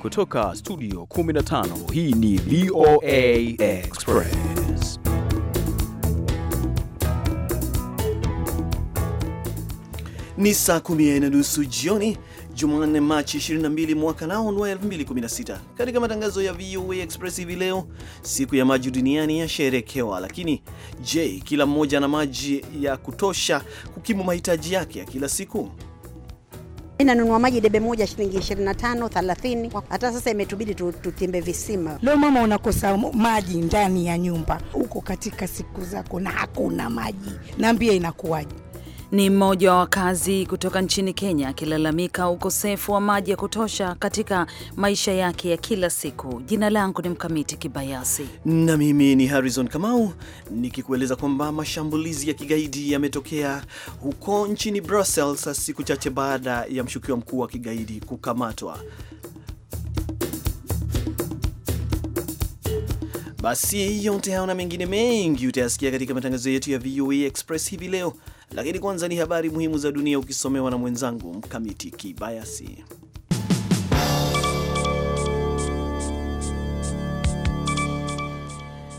Kutoka studio 15 hii ni VOA Express. Ni saa kumi na nusu jioni Jumanne, Machi 22 mwaka nao ni wa 2016. Katika matangazo ya VOA Express hivi leo, siku ya maji duniani yasherekewa, lakini je, kila mmoja ana maji ya kutosha kukimu mahitaji yake ya kila siku? inanunua maji debe moja shilingi 25 30. Hata sasa imetubidi tutimbe visima. Leo mama, unakosa maji ndani ya nyumba, uko katika siku zako na hakuna maji, naambia inakuwaje? Ni mmoja wa wakazi kutoka nchini Kenya akilalamika ukosefu wa maji ya kutosha katika maisha yake ya kila siku. Jina langu ni Mkamiti Kibayasi na mimi ni Harrison Kamau nikikueleza kwamba mashambulizi ya kigaidi yametokea huko nchini Brussels siku chache baada ya mshukiwa mkuu wa kigaidi kukamatwa. Basi yote hayo na mengine mengi utayasikia katika matangazo yetu ya VOA Express hivi leo lakini kwanza ni habari muhimu za dunia ukisomewa na mwenzangu Mkamiti Kibayasi.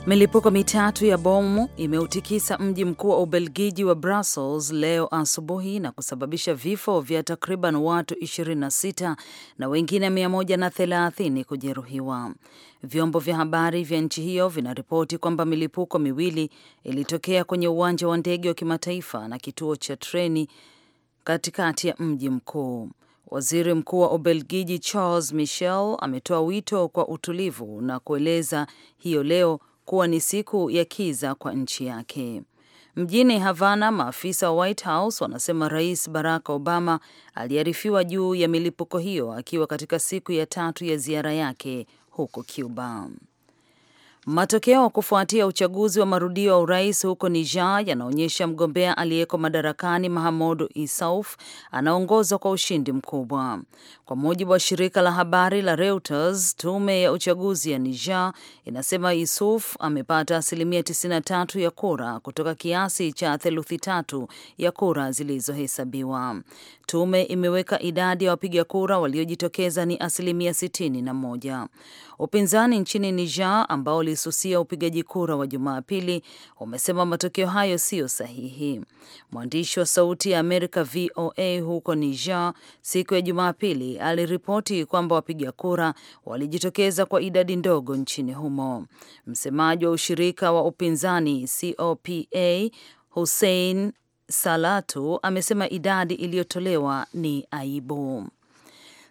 Milipuko mitatu ya bomu imeutikisa mji mkuu wa Ubelgiji wa Brussels leo asubuhi na kusababisha vifo vya takriban watu 26 na wengine 130 kujeruhiwa. Vyombo vya habari vya nchi hiyo vinaripoti kwamba milipuko miwili ilitokea kwenye uwanja wa ndege wa kimataifa na kituo cha treni katikati ya mji mkuu. Waziri Mkuu wa Ubelgiji Charles Michel ametoa wito kwa utulivu na kueleza hiyo leo kuwa ni siku ya kiza kwa nchi yake. Mjini Havana, maafisa wa White House wanasema Rais Barack Obama aliarifiwa juu ya milipuko hiyo akiwa katika siku ya tatu ya ziara yake huko Cuba. Matokeo kufuatia uchaguzi wa marudio wa urais huko Niger yanaonyesha mgombea aliyeko madarakani Mahamudu Isauf anaongozwa kwa ushindi mkubwa. Kwa mujibu wa shirika la habari la Reuters, tume ya uchaguzi ya Niger inasema Isuf amepata asilimia 93 ya kura kutoka kiasi cha theluthi tatu ya kura zilizohesabiwa. Tume imeweka idadi ya wapiga kura waliojitokeza ni asilimia sitini na moja. Upinzani nchini Niger ambao ulisusia upigaji kura wa Jumapili umesema matokeo hayo siyo sahihi. Mwandishi wa Sauti ya Amerika VOA huko Niger siku ya Jumapili aliripoti kwamba wapiga kura walijitokeza kwa idadi ndogo nchini humo. Msemaji wa ushirika wa upinzani COPA Hussein Salatu amesema idadi iliyotolewa ni aibu.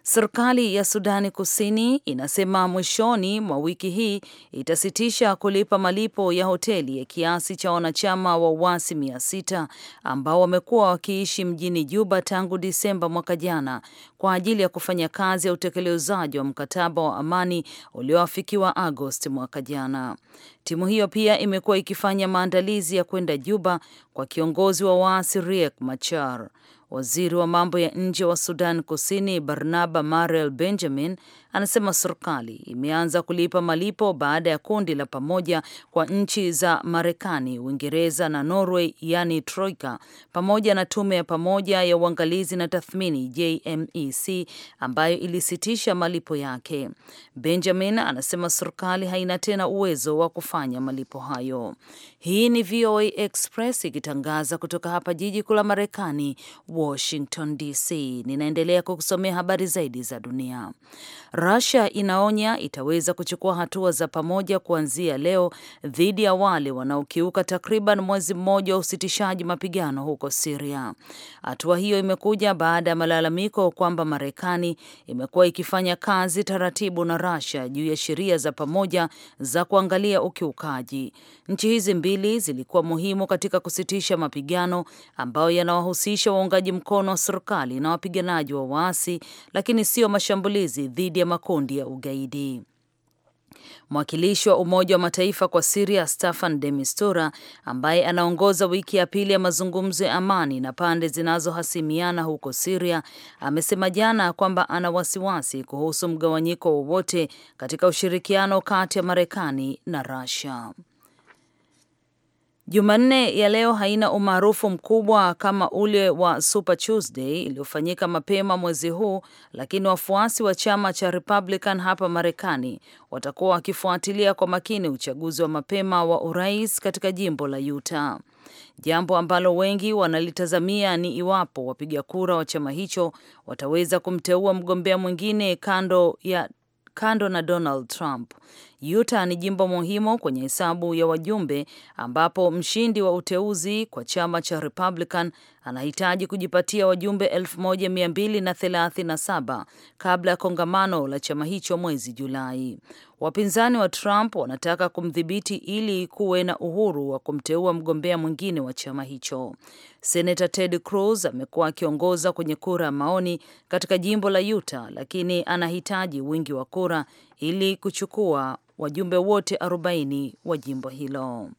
Serikali ya Sudani Kusini inasema mwishoni mwa wiki hii itasitisha kulipa malipo ya hoteli ya kiasi cha wanachama wa uasi mia sita ambao wamekuwa wakiishi mjini Juba tangu Disemba mwaka jana kwa ajili ya kufanya kazi ya utekelezaji wa mkataba wa amani ulioafikiwa Agosti mwaka jana. Timu hiyo pia imekuwa ikifanya maandalizi ya kwenda Juba kwa kiongozi wa waasi Riek Machar. Waziri wa mambo ya nje wa Sudan Kusini Barnaba mariel Benjamin anasema serikali imeanza kulipa malipo baada ya kundi la pamoja kwa nchi za Marekani, Uingereza na Norway, yani Troika, pamoja na tume ya pamoja ya uangalizi na tathmini JMEC ambayo ilisitisha malipo yake. Benjamin anasema serikali haina tena uwezo wa kufanya malipo hayo. Hii ni VOA Express ikitangaza kutoka hapa jiji kuu la Marekani, Washington DC. Ninaendelea kukusomea habari zaidi za dunia. Russia inaonya itaweza kuchukua hatua za pamoja kuanzia leo dhidi ya wale wanaokiuka takriban mwezi mmoja wa usitishaji mapigano huko Syria. Hatua hiyo imekuja baada ya malalamiko kwamba Marekani imekuwa ikifanya kazi taratibu na Russia juu ya sheria za pamoja za kuangalia ukiukaji. Nchi hizi mbili zilikuwa muhimu katika kusitisha mapigano ambayo yanawahusisha waungaji mkono wa serikali na wapiganaji wa waasi, lakini sio mashambulizi dhidi ya makundi ya ugaidi. Mwakilishi wa Umoja wa Mataifa kwa Siria Staffan de Mistura, ambaye anaongoza wiki ya pili ya mazungumzo ya amani na pande zinazohasimiana huko Siria, amesema jana kwamba ana wasiwasi kuhusu mgawanyiko wowote katika ushirikiano kati ya Marekani na rasia Jumanne ya leo haina umaarufu mkubwa kama ule wa Super Tuesday iliyofanyika mapema mwezi huu, lakini wafuasi wa chama cha Republican hapa Marekani watakuwa wakifuatilia kwa makini uchaguzi wa mapema wa urais katika jimbo la Utah. Jambo ambalo wengi wanalitazamia ni iwapo wapiga kura wa chama hicho wataweza kumteua mgombea mwingine kando ya kando na Donald Trump. Utah ni jimbo muhimu kwenye hesabu ya wajumbe ambapo mshindi wa uteuzi kwa chama cha Republican anahitaji kujipatia wajumbe 1237 kabla ya kongamano la chama hicho mwezi Julai. Wapinzani wa Trump wanataka kumdhibiti ili kuwe na uhuru wa kumteua mgombea mwingine wa chama hicho. Senata Ted Cruz amekuwa akiongoza kwenye kura ya maoni katika jimbo la Utah, lakini anahitaji wingi wa kura ili kuchukua wajumbe wote 40 wa jimbo hilo.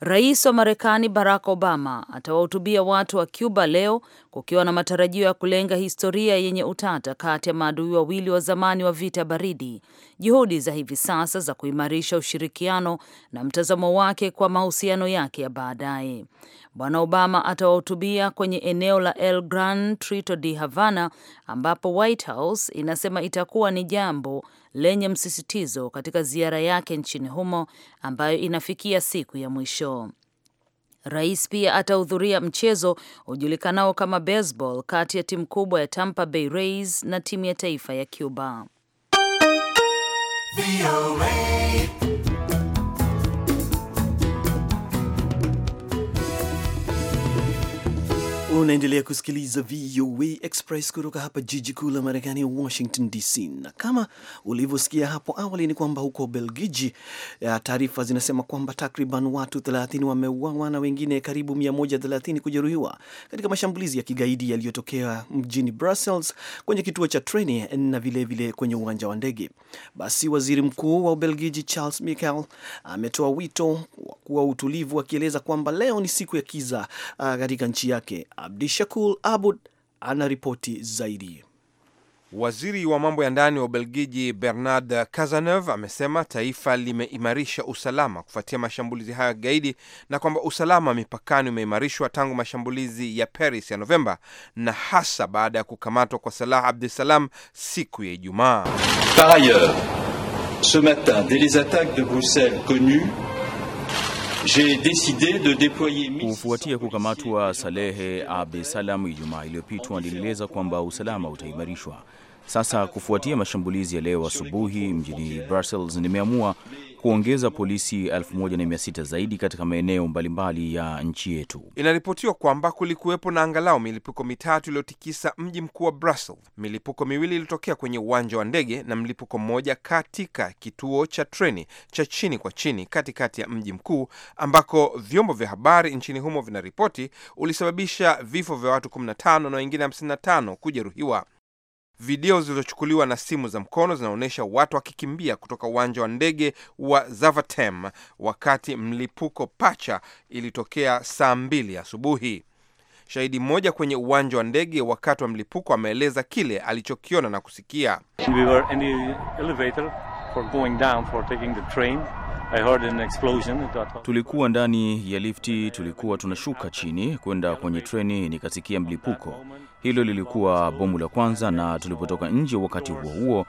Rais wa Marekani Barack Obama atawahutubia watu wa Cuba leo kukiwa na matarajio ya kulenga historia yenye utata kati ya maadui wawili wa zamani wa vita baridi, juhudi za hivi sasa za kuimarisha ushirikiano na mtazamo wake kwa mahusiano yake ya baadaye. Bwana Obama atawahutubia kwenye eneo la El Gran Trito de Havana ambapo White House inasema itakuwa ni jambo lenye msisitizo katika ziara yake nchini humo ambayo inafikia siku ya mwisho. Rais pia atahudhuria mchezo ujulikanao kama baseball kati ya timu kubwa ya Tampa Bay Rays na timu ya taifa ya Cuba. Unaendelea kusikiliza VOA Express kutoka hapa jiji kuu la Marekani, Washington DC. Na kama ulivyosikia hapo awali, ni kwamba huko Belgiji eh, taarifa zinasema kwamba takriban watu 30 wameuawa na wengine karibu 130 kujeruhiwa katika mashambulizi ya kigaidi yaliyotokea mjini Brussels, kwenye kituo cha treni na vilevile vile kwenye uwanja wa ndege. Basi waziri mkuu wa Ubelgiji Charles Michel ametoa wito wa kuwa utulivu, akieleza kwamba leo ni siku ya kiza ah, katika nchi yake. Abdishakur Abud anaripoti zaidi. Waziri wa mambo ya ndani wa Ubelgiji Bernard Cazeneuve amesema taifa limeimarisha usalama kufuatia mashambulizi hayo ya kigaidi na kwamba usalama wa mipakani umeimarishwa tangu mashambulizi ya Paris ya Novemba na hasa baada ya kukamatwa kwa Salah Abdusalam siku ya Ijumaa. Par ailleurs ce matin dès les attaques de Bruxelles connues Kufuatia kukamatwa Salehe Abe Salam Ijumaa iliyopitwa, nilieleza kwamba usalama utaimarishwa. Sasa kufuatia mashambulizi ya leo asubuhi mjini Brussels, nimeamua kuongeza polisi 1600 zaidi katika maeneo mbalimbali ya nchi yetu. Inaripotiwa kwamba kulikuwepo na angalau milipuko mitatu iliyotikisa mji mkuu wa Brussels. Milipuko miwili ilitokea kwenye uwanja wa ndege na mlipuko mmoja katika kituo cha treni cha chini kwa chini katikati ya mji mkuu, ambako vyombo vya habari nchini humo vinaripoti ulisababisha vifo vya watu 15 na wengine 55 kujeruhiwa. Video zilizochukuliwa na simu za mkono zinaonyesha watu wakikimbia kutoka uwanja wa ndege wa Zavatem wakati mlipuko pacha ilitokea saa mbili asubuhi. Shahidi mmoja kwenye uwanja wa ndege wakati wa mlipuko ameeleza kile alichokiona na kusikia. We were in the elevator for going down for taking the train. I heard an explosion. Tulikuwa ndani ya lifti, tulikuwa tunashuka chini kwenda kwenye treni, nikasikia mlipuko. Hilo lilikuwa bomu la kwanza, na tulipotoka nje, wakati huo huo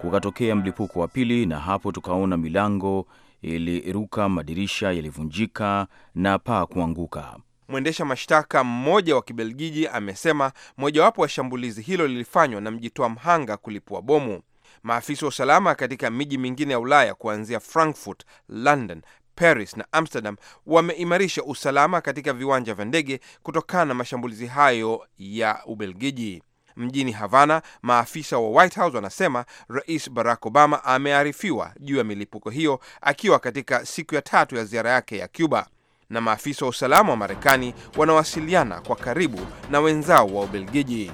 kukatokea mlipuko wa pili, na hapo tukaona milango iliruka, madirisha yalivunjika na paa kuanguka. Mwendesha mashtaka mmoja wa Kibelgiji amesema mojawapo ya shambulizi hilo lilifanywa na mjitoa mhanga kulipua bomu. Maafisa wa usalama katika miji mingine ya Ulaya kuanzia Frankfurt, London Paris na Amsterdam wameimarisha usalama katika viwanja vya ndege kutokana na mashambulizi hayo ya Ubelgiji. Mjini Havana, maafisa wa White House wanasema Rais Barack Obama amearifiwa juu ya milipuko hiyo akiwa katika siku ya tatu ya ziara yake ya Cuba, na maafisa wa usalama wa Marekani wanawasiliana kwa karibu na wenzao wa Ubelgiji.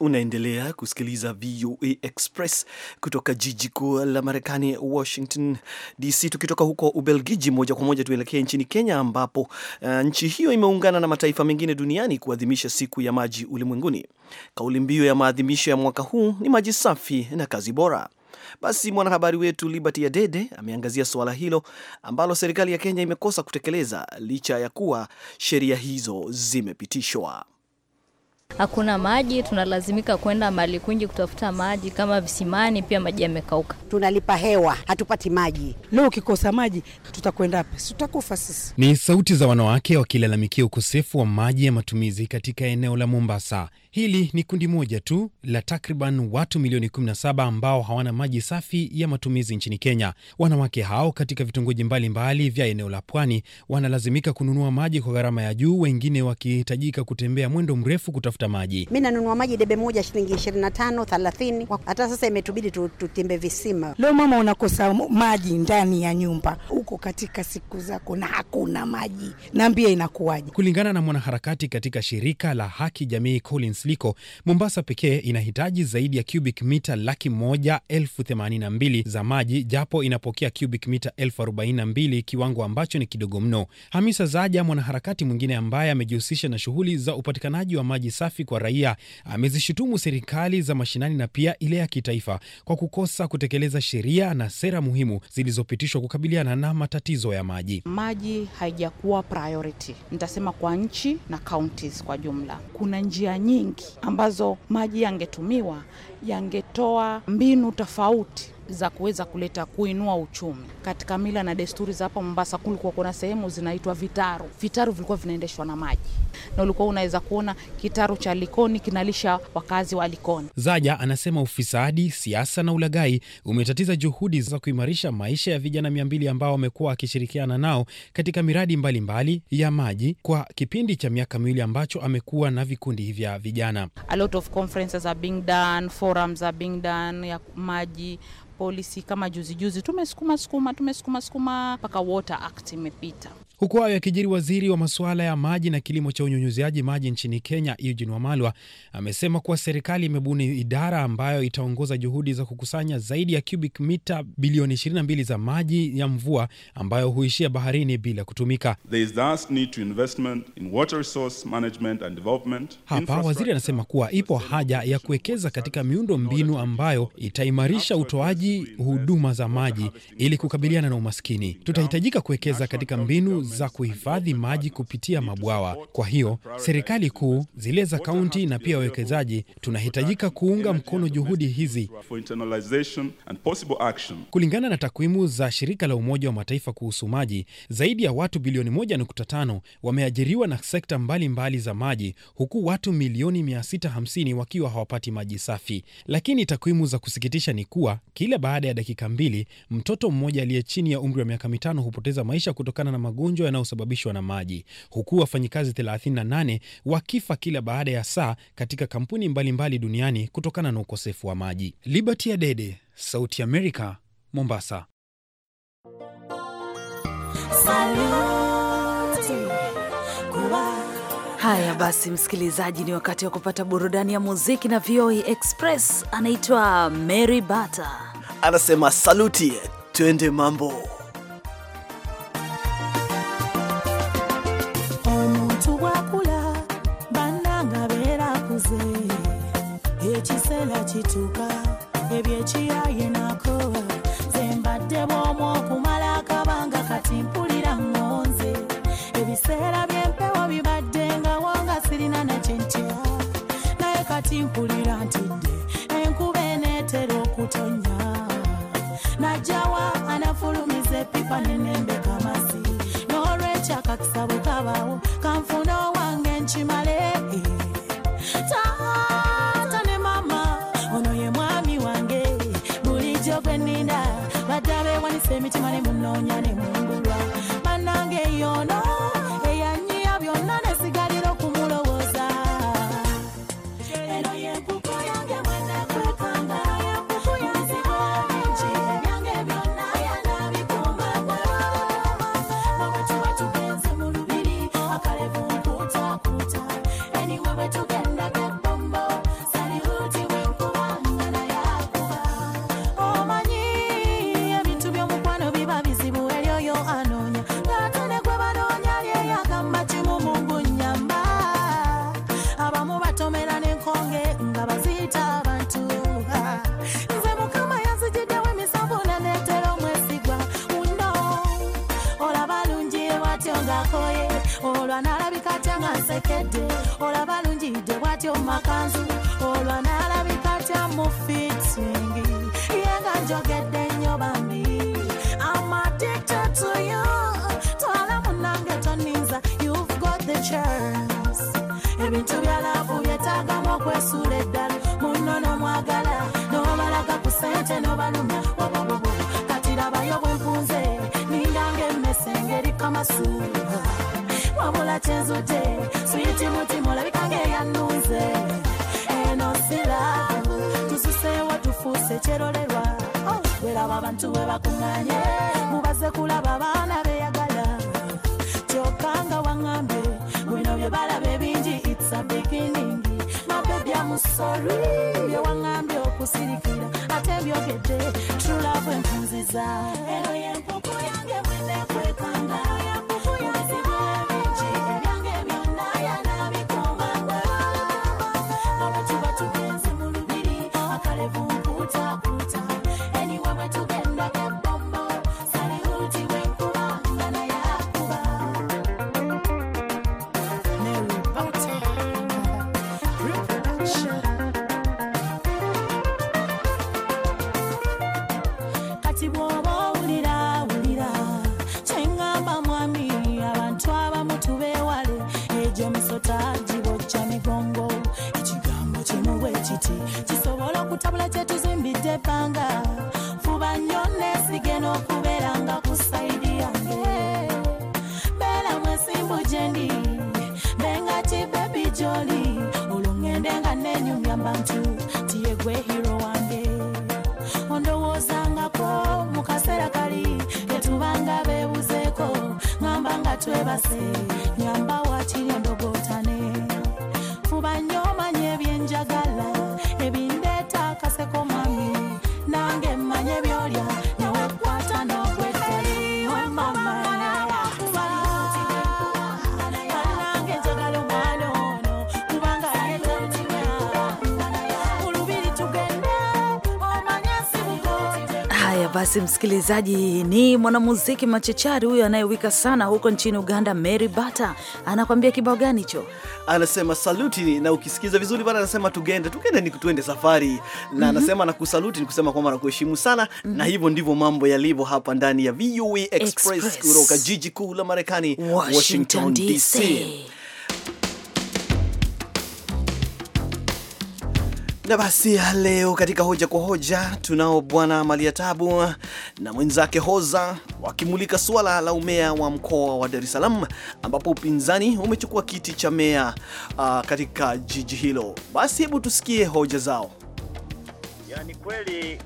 Unaendelea kusikiliza VOA Express kutoka jiji kuu la Marekani, Washington DC. Tukitoka huko Ubelgiji moja kwa moja tuelekee nchini Kenya, ambapo uh, nchi hiyo imeungana na mataifa mengine duniani kuadhimisha siku ya maji ulimwenguni. Kauli mbiu ya maadhimisho ya mwaka huu ni maji safi na kazi bora. Basi mwanahabari wetu Liberty Adede ameangazia suala hilo ambalo serikali ya Kenya imekosa kutekeleza licha ya kuwa sheria hizo zimepitishwa hakuna maji, tunalazimika kwenda mali kwingi kutafuta maji, kama visimani, pia maji yamekauka. Tunalipa hewa, hatupati maji. Leo ukikosa maji tutakwenda wapi? Tutakufa sisi. Ni sauti za wanawake wakilalamikia ukosefu wa maji ya matumizi katika eneo la Mombasa. Hili ni kundi moja tu la takriban watu milioni 17 ambao hawana maji safi ya matumizi nchini Kenya. Wanawake hao katika vitongoji mbalimbali vya eneo la pwani wanalazimika kununua maji kwa gharama ya juu, wengine wakihitajika kutembea mwendo mrefu kutafuta maji. Mi nanunua maji debe moja shilingi 25 30, hata sasa imetubidi tutimbe visima. Leo mama, unakosa maji ndani ya nyumba, uko katika siku zako na hakuna maji, naambia inakuwaje? Kulingana na mwanaharakati katika shirika la Haki Jamii Collins Liko, Mombasa pekee inahitaji zaidi ya cubic mita laki moja elfu themanini na mbili za maji, japo inapokea cubic mita elfu arobaini na mbili kiwango ambacho ni kidogo mno. Hamisa Zaja, mwanaharakati mwingine ambaye amejihusisha na shughuli za upatikanaji wa maji safi kwa raia, amezishutumu serikali za mashinani na pia ile ya kitaifa kwa kukosa kutekeleza sheria na sera muhimu zilizopitishwa kukabiliana na matatizo ya maji. Maji haijakuwa priority, nitasema kwa nchi na counties kwa jumla. Kuna njia nyingi nyingi ambazo maji yangetumiwa yangetoa mbinu tofauti za kuweza kuleta kuinua uchumi. Katika mila na desturi za hapa Mombasa, kulikuwa kuna sehemu zinaitwa vitaru. Vitaru vilikuwa vinaendeshwa na maji, na ulikuwa unaweza kuona kitaru cha Likoni kinalisha wakazi wa Likoni. Zaja anasema ufisadi, siasa na ulagai umetatiza juhudi za kuimarisha maisha ya vijana mia mbili ambao wamekuwa wakishirikiana nao katika miradi mbalimbali mbali ya maji kwa kipindi cha miaka miwili ambacho amekuwa na vikundi vya vijana. A lot of conferences are being done, forums are being done ya maji polisi kama juzi juzi tumesukuma sukuma tumesukuma sukuma mpaka Water Act imepita. Huku hayo yakijiri, waziri wa masuala ya maji na kilimo cha unyunyuziaji maji nchini Kenya, Eugene Wamalwa, amesema kuwa serikali imebuni idara ambayo itaongoza juhudi za kukusanya zaidi ya cubic mita bilioni 22 za maji ya mvua ambayo huishia baharini bila kutumika. Hapa waziri anasema kuwa ipo haja ya kuwekeza katika miundo mbinu ambayo itaimarisha utoaji huduma za maji ili kukabiliana na umaskini. Tutahitajika kuwekeza katika mbinu za kuhifadhi maji kupitia mabwawa. Kwa hiyo serikali kuu, zile za kaunti na pia wawekezaji, tunahitajika kuunga mkono juhudi hizi. Kulingana na takwimu za shirika la Umoja wa Mataifa kuhusu maji, zaidi ya watu bilioni 1.5 wameajiriwa na sekta mbalimbali mbali za maji, huku watu milioni 650 wakiwa hawapati maji safi. Lakini takwimu za kusikitisha ni kuwa kila baada ya dakika mbili mtoto mmoja aliye chini ya umri wa miaka mitano hupoteza maisha kutokana na magonjwa magonjwa yanayosababishwa na maji, huku wafanyikazi 38 wakifa kila baada ya saa katika kampuni mbalimbali mbali duniani kutokana na ukosefu wa maji. Liberty Adede, Sauti America, Mombasa. Haya basi, msikilizaji, ni wakati wa kupata burudani ya muziki na VOA e Express. Anaitwa Mary Bata, anasema saluti, twende mambo zituka ebyekiyaye nako zembadde bwomu okumala akabanga kati mpulira ngonze ebiseera byempewo bibadde nga wonga sirina nakintya naye kati mpulira ntidde enkuba eneetera okutonya najjawa anafulumiza epipa nenembe kamasi n'olwekyakakisabukabawo mitima nemunoonya ngakoye olwanalabika tya nga nsekedde olaba lungi dde bwatyo makanzu olwanalabika tya mu fitting ye nga njogedde nnyo bambi amatiktatuyo twala munange toninza you've got the chance ebintu byalaavu byetaagamu okwesula eddala munno nomwagala nobalaga ku sente nobanuma obabo wabula kyenzudde sitimutimu olabikange eyanunze eno siramu tususeewo tufuuse kyerolerwa weraba abantu we bakuŋŋanye mubaze kulaba abaana beyagala kyokka nga waŋŋambe bwino bye balaba ebingi its a beginning mabe byamusori bye waŋŋambye okusirikira ate byogedde tulabwe enfunziza joli olungende nga nenyumya bantu tiyegwe hiro wange ondowozangako mukaseera kali tetubanga bebuzeeko ngamba nga twebase nyamba wakirembe basi, msikilizaji, ni mwanamuziki machachari huyo anayewika sana huko nchini Uganda, Mary Bata anakwambia kibao gani hicho? Anasema saluti, na ukisikiza vizuri bana, anasema tugende, tugende ni tuende safari na mm -hmm. Anasema na ni kusema kwamba nakuheshimu sana mm -hmm. Na hivyo ndivyo mambo yalivyo hapa ndani ya VOA e Express kutoka jiji kuu la Marekani, Washington, Washington DC. Na basi leo katika hoja kwa hoja tunao bwana Malia Tabu na mwenzake Hoza wakimulika suala la umea wa mkoa wa Dar es Salaam ambapo upinzani umechukua kiti cha mea uh, katika jiji hilo. Basi hebu tusikie hoja zao. Yaani kweli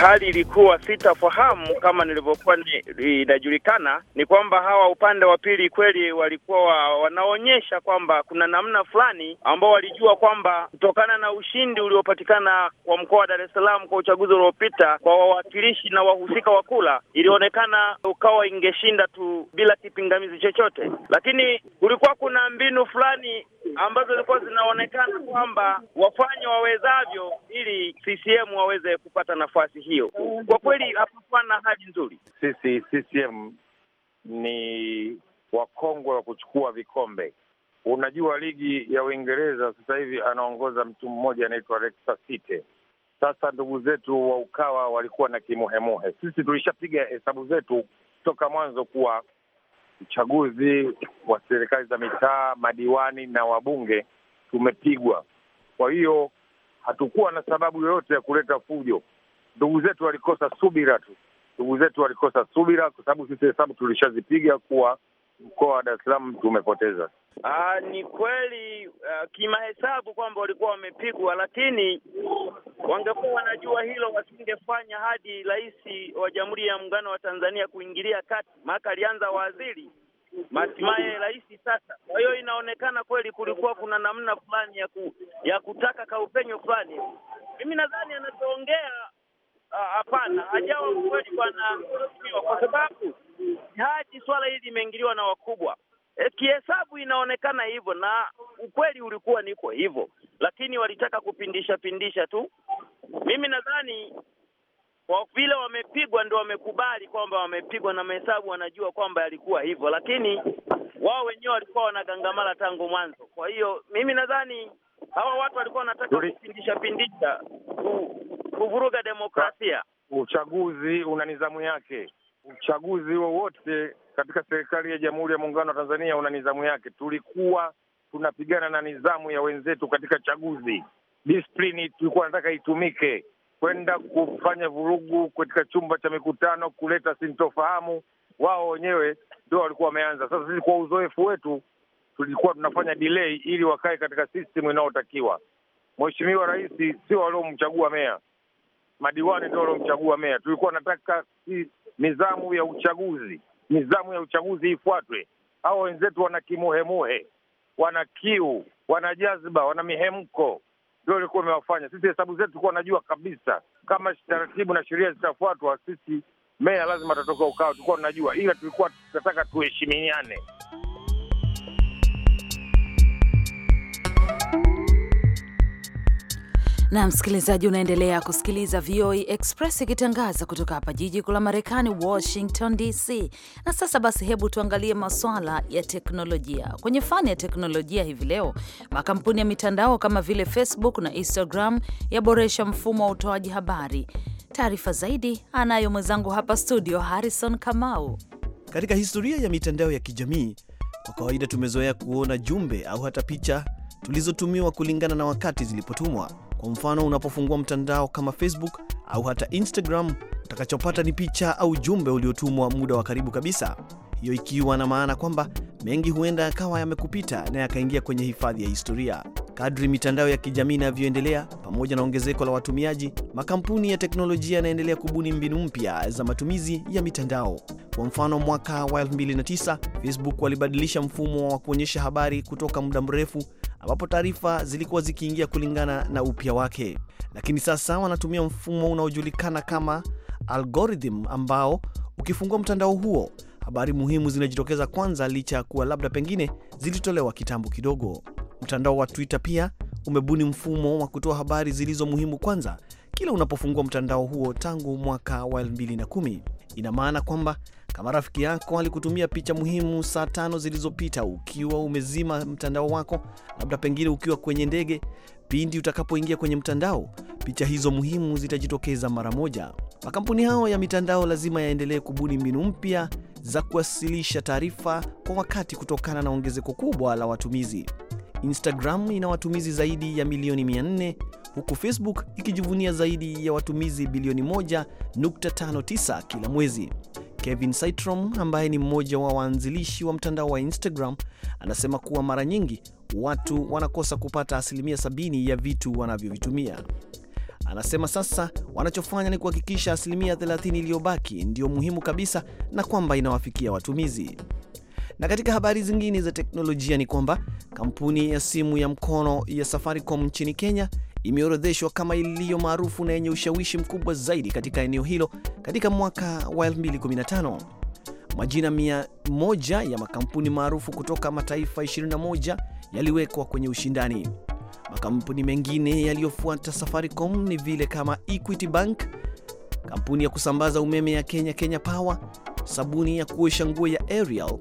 hali ilikuwa sitafahamu, kama nilivyokuwa inajulikana ni kwamba hawa upande wa pili kweli walikuwa wanaonyesha kwamba kuna namna fulani ambao walijua kwamba kutokana na ushindi uliopatikana kwa mkoa wa Dar es Salaam kwa uchaguzi uliopita kwa wawakilishi na wahusika wa kula, ilionekana ukawa ingeshinda tu bila kipingamizi chochote, lakini kulikuwa kuna mbinu fulani ambazo zilikuwa zinaonekana kwamba wafanye wawezavyo ili CCM waweze kupata nafasi nafasi hiyo. Kwa kweli hapakuwa na hali nzuri. Sisi CCM ni wakongwe wa kuchukua vikombe. Unajua, ligi ya Uingereza sasa hivi anaongoza mtu mmoja anaitwa Leicester City. Sasa ndugu zetu wa Ukawa walikuwa na kimuhemuhe. Sisi tulishapiga hesabu zetu toka mwanzo kuwa uchaguzi wa serikali za mitaa, madiwani na wabunge tumepigwa. Kwa hiyo hatukuwa na sababu yoyote ya kuleta fujo ndugu zetu walikosa subira tu, ndugu zetu walikosa subira, kwa sababu sisi hesabu tulishazipiga kuwa mkoa wa Dar es Salaam tumepoteza. Aa, ah, ni kweli uh, kimahesabu kwamba walikuwa wamepigwa, lakini wangekuwa wanajua hilo wasingefanya hadi Rais wa Jamhuri ya Muungano wa Tanzania kuingilia kati, maka alianza waziri hatimaye rais sasa. Kwa hiyo inaonekana kweli kulikuwa kuna namna fulani ya ku, ya kutaka kaupenyo fulani. Mimi nadhani anachoongea Ah, hapana, hajawa mkweli bwana mheshimiwa, kwa sababu haji swala hili limeingiliwa na wakubwa e, kihesabu inaonekana hivyo, na ukweli ulikuwa niko hivyo, lakini walitaka kupindisha pindisha tu. Mimi nadhani kwa vile wamepigwa ndio wamekubali kwamba wamepigwa na mahesabu, wanajua kwamba yalikuwa hivyo, lakini wao wenyewe walikuwa wanagangamala tangu mwanzo. Kwa hiyo mimi nadhani hawa watu walikuwa wanataka kupindisha pindisha kuvuruga demokrasia. Uchaguzi una nidhamu yake. Uchaguzi wowote katika serikali ya Jamhuri ya Muungano wa Tanzania una nidhamu yake. Tulikuwa tunapigana na nidhamu ya wenzetu katika chaguzi, disiplini tulikuwa nataka itumike, kwenda kufanya vurugu katika chumba cha mikutano, kuleta sintofahamu, wao wenyewe ndio walikuwa wameanza. Sasa sisi kwa uzoefu wetu tulikuwa tunafanya delay ili wakae katika system inayotakiwa. Mheshimiwa Rais sio waliomchagua meya, madiwani ndio waliomchagua meya. Tulikuwa nataka nizamu ya uchaguzi, nizamu ya uchaguzi ifuatwe. Hao wenzetu wana kimuhemuhe, wana kiu, wana jazba, wana mihemko, ndio ilikuwa imewafanya. Sisi hesabu zetu tulikuwa najua kabisa kama taratibu na sheria zitafuatwa, sisi meya lazima atatoka ukao, tulikuwa tunajua, ila tulikuwa tunataka tuheshimiane. na msikilizaji, unaendelea kusikiliza VOA e Express ikitangaza kutoka hapa jiji kuu la Marekani, Washington DC. Na sasa basi, hebu tuangalie maswala ya teknolojia. Kwenye fani ya teknolojia hivi leo, makampuni ya mitandao kama vile Facebook na Instagram yaboresha mfumo wa utoaji habari. Taarifa zaidi anayo mwenzangu hapa studio, Harrison Kamau. Katika historia ya mitandao ya kijamii, kwa kawaida tumezoea kuona jumbe au hata picha tulizotumiwa kulingana na wakati zilipotumwa kwa mfano, unapofungua mtandao kama Facebook au hata Instagram, utakachopata ni picha au jumbe uliotumwa muda wa karibu kabisa, hiyo ikiwa na maana kwamba mengi huenda yakawa yamekupita na yakaingia kwenye hifadhi ya historia. Kadri mitandao ya kijamii inavyoendelea, pamoja na ongezeko la watumiaji, makampuni ya teknolojia yanaendelea kubuni mbinu mpya za matumizi ya mitandao. Kwa mfano, mwaka wa 2009 Facebook walibadilisha mfumo wa kuonyesha habari kutoka muda mrefu ambapo taarifa zilikuwa zikiingia kulingana na upya wake, lakini sasa wanatumia mfumo unaojulikana kama algorithm, ambao ukifungua mtandao huo habari muhimu zinajitokeza kwanza, licha ya kuwa labda pengine zilitolewa kitambo kidogo. Mtandao wa Twitter pia umebuni mfumo wa kutoa habari zilizo muhimu kwanza kila unapofungua mtandao huo tangu mwaka wa 2010. Ina maana kwamba kama rafiki yako alikutumia picha muhimu saa tano zilizopita ukiwa umezima mtandao wako, labda pengine ukiwa kwenye ndege, pindi utakapoingia kwenye mtandao, picha hizo muhimu zitajitokeza mara moja. Makampuni hayo ya mitandao lazima yaendelee kubuni mbinu mpya za kuwasilisha taarifa kwa wakati kutokana na ongezeko kubwa la watumizi. Instagram ina watumizi zaidi ya milioni 400 huku Facebook ikijivunia zaidi ya watumizi bilioni 1.59 kila mwezi. Kevin Sitrom ambaye ni mmoja wa waanzilishi wa mtandao wa Instagram anasema kuwa mara nyingi watu wanakosa kupata asilimia sabini ya vitu wanavyovitumia. Anasema sasa wanachofanya ni kuhakikisha asilimia 30 iliyobaki ndiyo muhimu kabisa na kwamba inawafikia watumizi. Na katika habari zingine za teknolojia ni kwamba kampuni ya simu ya mkono ya Safaricom nchini Kenya imeorodheshwa kama iliyo maarufu na yenye ushawishi mkubwa zaidi katika eneo hilo katika mwaka wa 2015. Majina 1 ya makampuni maarufu kutoka mataifa 21 yaliwekwa kwenye ushindani. Makampuni mengine yaliyofuata Safaricom ni vile kama Equity Bank, kampuni ya kusambaza umeme ya Kenya Kenya Power, sabuni ya kuosha nguo ya Ariel,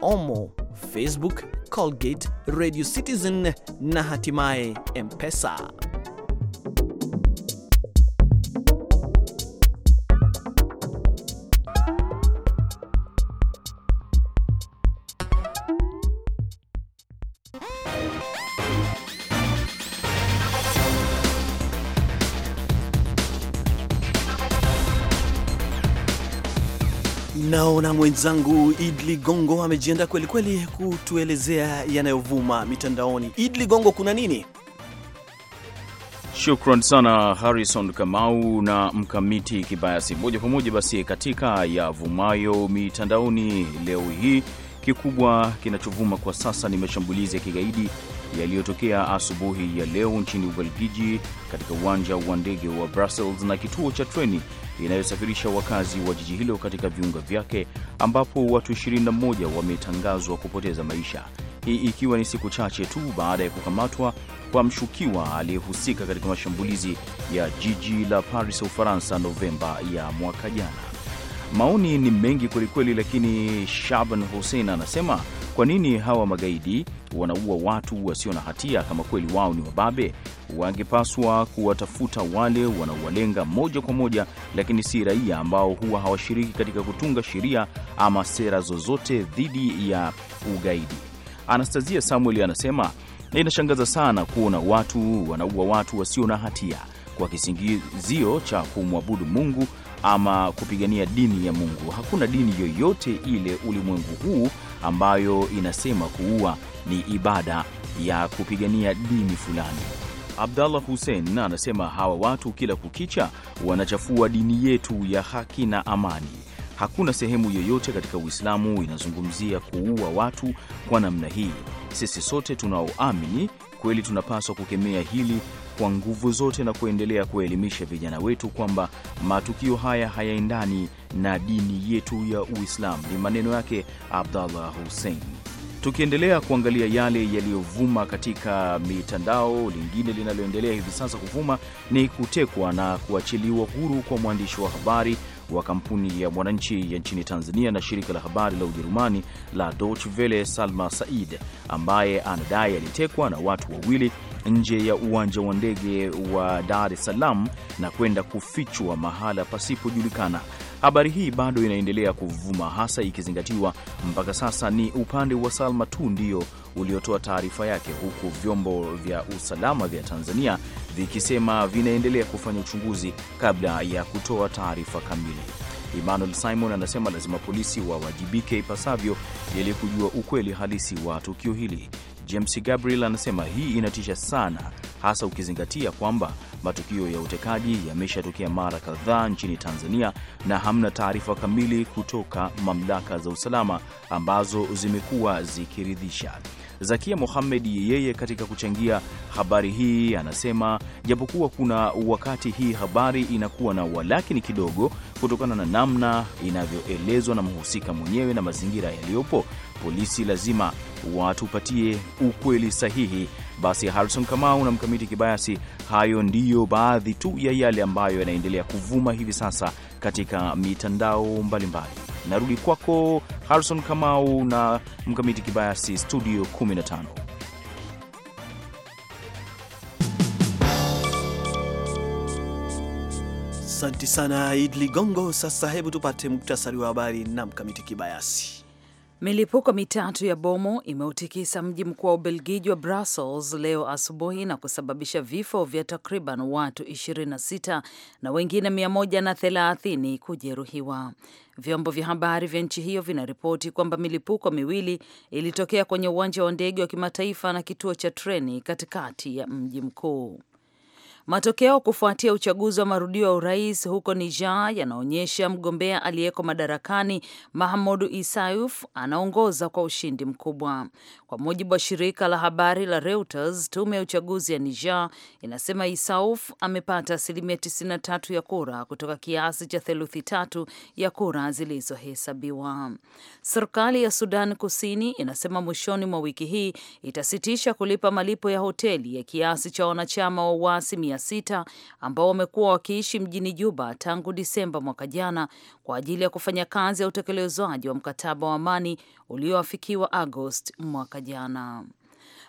Omo Facebook, Colgate, Radio Citizen na hatimaye Mpesa. Naona mwenzangu Id amejienda kweli kwelikweli kutuelezea yanayovuma mitandaoni. idli gongo kuna nini? Shukran sana Harrison Kamau na Mkamiti Kibayasi. Moja kwa moja basi katika yavumayo mitandaoni leo hii, kikubwa kinachovuma kwa sasa ni mashambulizi ya kigaidi yaliyotokea asubuhi ya leo nchini Ubelgiji, katika uwanja wa ndege wa Brussels na kituo cha treni inayosafirisha wakazi wa jiji hilo katika viunga vyake ambapo watu 21 wametangazwa kupoteza maisha, hii ikiwa ni siku chache tu baada ya kukamatwa kwa mshukiwa aliyehusika katika mashambulizi ya jiji la Paris, Ufaransa, Novemba ya mwaka jana. Maoni ni mengi kwelikweli, lakini Shaban Hussein anasema kwa nini hawa magaidi wanaua watu wasio na hatia? Kama kweli wao ni wababe, wangepaswa kuwatafuta wale wanaowalenga moja kwa moja, lakini si raia ambao huwa hawashiriki katika kutunga sheria ama sera zozote dhidi ya ugaidi. Anastasia Samuel anasema inashangaza sana kuona watu wanaua watu wasio na hatia kwa kisingizio cha kumwabudu Mungu ama kupigania dini ya Mungu. Hakuna dini yoyote ile ulimwengu huu ambayo inasema kuua ni ibada ya kupigania dini fulani. Abdallah Hussein anasema hawa watu kila kukicha wanachafua dini yetu ya haki na amani. Hakuna sehemu yoyote katika Uislamu inazungumzia kuua watu kwa namna hii. Sisi sote tunaoamini Kweli tunapaswa kukemea hili kwa nguvu zote na kuendelea kuwaelimisha vijana wetu kwamba matukio haya hayaendani na dini yetu ya Uislamu. Ni maneno yake Abdallah Hussein. Tukiendelea kuangalia yale yaliyovuma katika mitandao, lingine linaloendelea hivi sasa kuvuma ni kutekwa na kuachiliwa huru kwa mwandishi wa habari wa kampuni ya Mwananchi ya nchini Tanzania na shirika la habari la Ujerumani la Deutsche Welle, Salma Said, ambaye anadai alitekwa na watu wawili nje ya uwanja wa ndege wa Dar es Salaam na kwenda kufichwa mahala pasipojulikana. Habari hii bado inaendelea kuvuma, hasa ikizingatiwa mpaka sasa ni upande wa Salma tu ndio uliotoa taarifa yake, huku vyombo vya usalama vya Tanzania vikisema vinaendelea kufanya uchunguzi kabla ya kutoa taarifa kamili. Emmanuel Simon anasema lazima polisi wawajibike ipasavyo ili kujua ukweli halisi wa tukio hili. James Gabriel anasema hii inatisha sana, hasa ukizingatia kwamba matukio ya utekaji yameshatokea mara kadhaa nchini Tanzania na hamna taarifa kamili kutoka mamlaka za usalama ambazo zimekuwa zikiridhisha. Zakia Mohamed yeye katika kuchangia habari hii anasema japokuwa kuna wakati hii habari inakuwa na walakini kidogo, kutokana na namna inavyoelezwa na mhusika mwenyewe na mazingira yaliyopo, polisi lazima watupatie ukweli sahihi. Basi Harrison Kamau na Mkamiti Kibayasi, hayo ndiyo baadhi tu ya yale ambayo yanaendelea kuvuma hivi sasa katika mitandao mbalimbali mbali. Narudi kwako Harrison Kamau na Mkamiti Kibayasi, studio 15. Asante sana idli gongo Sasa hebu tupate muktasari wa habari na Mkamiti Kibayasi. Milipuko mitatu ya bomu imeutikisa mji mkuu wa Ubelgiji wa Brussels leo asubuhi na kusababisha vifo vya takriban watu 26 na wengine 130 kujeruhiwa. Vyombo vya habari vya nchi hiyo vinaripoti kwamba milipuko miwili ilitokea kwenye uwanja wa ndege wa kimataifa na kituo cha treni katikati ya mji mkuu. Matokeo kufuatia uchaguzi wa marudio ya urais huko Niger yanaonyesha mgombea aliyeko madarakani Mahamudu Isayuf anaongoza kwa ushindi mkubwa. Kwa mujibu wa shirika la habari la Reuters, tume ya uchaguzi ya Niger inasema isauf amepata asilimia 93 ya kura kutoka kiasi cha theluthi tatu ya kura zilizohesabiwa. Serikali ya Sudan Kusini inasema mwishoni mwa wiki hii itasitisha kulipa malipo ya hoteli ya kiasi cha wanachama wa uasi 600 ambao wamekuwa wakiishi mjini Juba tangu Disemba mwaka jana kwa ajili ya kufanya kazi ya utekelezwaji wa mkataba wa amani ulioafikiwa Agosti mwaka jana.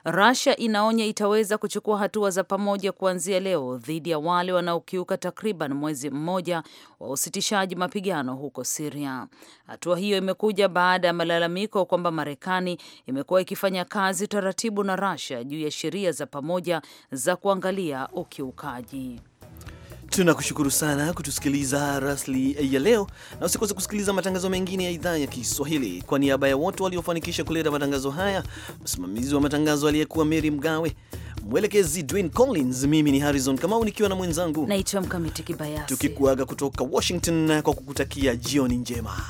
Russia inaonya itaweza kuchukua hatua za pamoja kuanzia leo dhidi ya wale wanaokiuka takriban mwezi mmoja wa usitishaji mapigano huko Syria. Hatua hiyo imekuja baada ya malalamiko kwamba Marekani imekuwa ikifanya kazi taratibu na Russia juu ya sheria za pamoja za kuangalia ukiukaji. Tunakushukuru sana kutusikiliza rasli ya leo, na usikose kusikiliza matangazo mengine ya idhaa ya Kiswahili. Kwa niaba ya wote waliofanikisha kuleta matangazo haya, msimamizi wa matangazo aliyekuwa Mary Mgawe, mwelekezi Dwayne Collins, mimi ni Harrison Kamau nikiwa na mwenzangu naitwa Mkamiti Kibayasi, tukikuaga kutoka Washington kwa kukutakia jioni njema.